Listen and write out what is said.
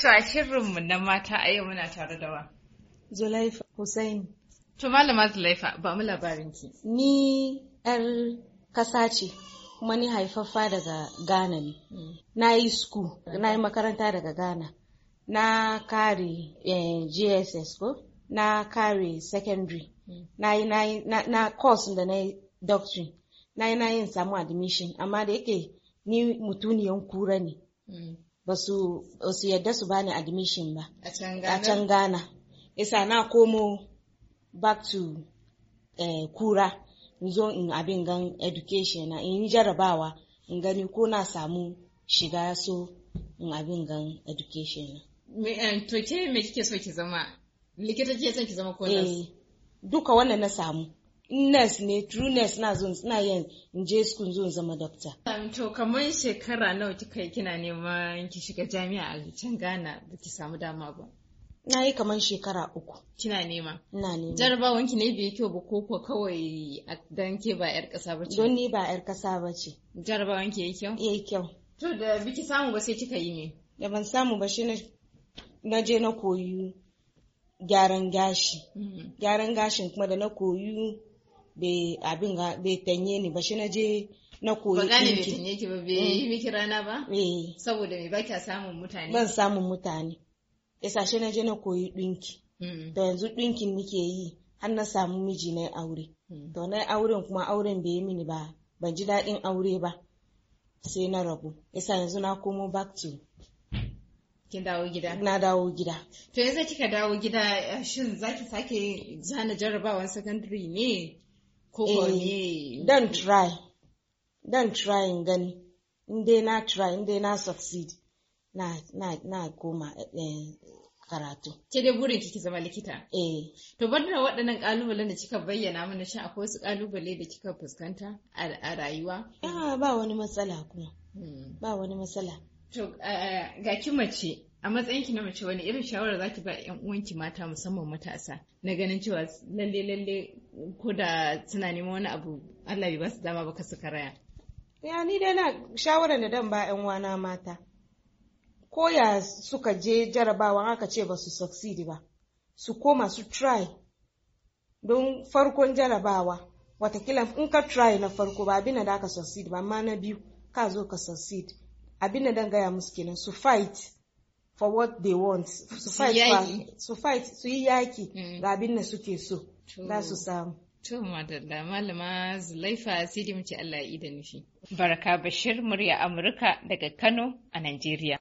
To a shirinmu na mata a yau muna tare da wa. Zulaifa Hussein. To malama Zulaifa ba mu labarinki. Ni ƴar kasa ce kuma ni haifaffa daga Ghana ne. Hmm. Na yi sku, na yi makaranta daga Ghana. Na kare eh, GSS ko? Na kare secondary. Hmm. Na yi na course da na yi doctrine. Na yi na yin samu admission amma da yake ni mutuniyan kura ne. Hmm. ba su yadda su bani admission ba a can ghana isa na komo back to eh, kura in zo in abin gan education na in jarabawa in gani ko na samu shiga so in abin gan education na eh, to ke me kike so ki zama likita ke son ki zama ko eh, duka wannan na samu nurse ne true nurse na zo suna yin in je school zo zama doctor um, to kamar shekara nawa kika kina neman ki shiga jami'a a can Ghana ki samu dama ba na yi kamar shekara uku kina nema na nema jarabawan ki ne bai kyau ba koko kawai dan ke ba yar kasa ce don ni ba yar kasa ce jarabawan ki yayi kyau yayi kyau to da biki samu ba sai kika yi ne da ban samu ba shi na je na koyi gyaran gashi mm-hmm. gyaran gashin kuma da na koyi bai abin ga bai tanye ni ba shi na je na koyi ba gane bai tanye ki ba bai mm. yi miki rana ba eh. saboda me baki a samun mutane ban samun mutane yasa shi na je na koyi dinki da mm. yanzu dinkin nike yi har na samu miji na aure mm. to na auren kuma auren bai yi mini ba ban ji daɗin aure ba sai na rabu yasa yanzu na komo back to kin dawo gida na dawo gida to yanzu kika dawo gida eh, shin zaki sake zana jarrabawan secondary ne Ko eh, don try. Don try in gani. In dai na try, in dai na succeed. Na, na, na koma eh, karatu. Ke dai burin kiki zama likita? Eh. To bar waɗannan ƙalubalen da kika bayyana mana shi akwai wasu ƙalubale da kika fuskanta a rayuwa? Ah, ba wani matsala kuma. Hmm. Ba wani matsala. To eh, ga ki mace a matsayin ki na mace wani irin shawara za ki ba yan uwanki mata musamman matasa na ganin cewa lalle lalle ko da suna neman wani abu Allah bai ba su dama ba su karaya ya ni dai na shawarar da dan ba yan wana mata ko ya suka je jarabawa aka ce ba su succeed ba su koma su try don farkon jarabawa watakila in ka try na farko ba abin da aka succeed ba amma na biyu ka zo ka succeed abin da dan gaya musu kenan su fight for what they want su fight su yi yaki hmm. ga abin da suke so za su samu To madalla malama Zulaifa sai dai mu Allah ya da nufi. Baraka Bashir murya Amurka daga Kano a Najeriya.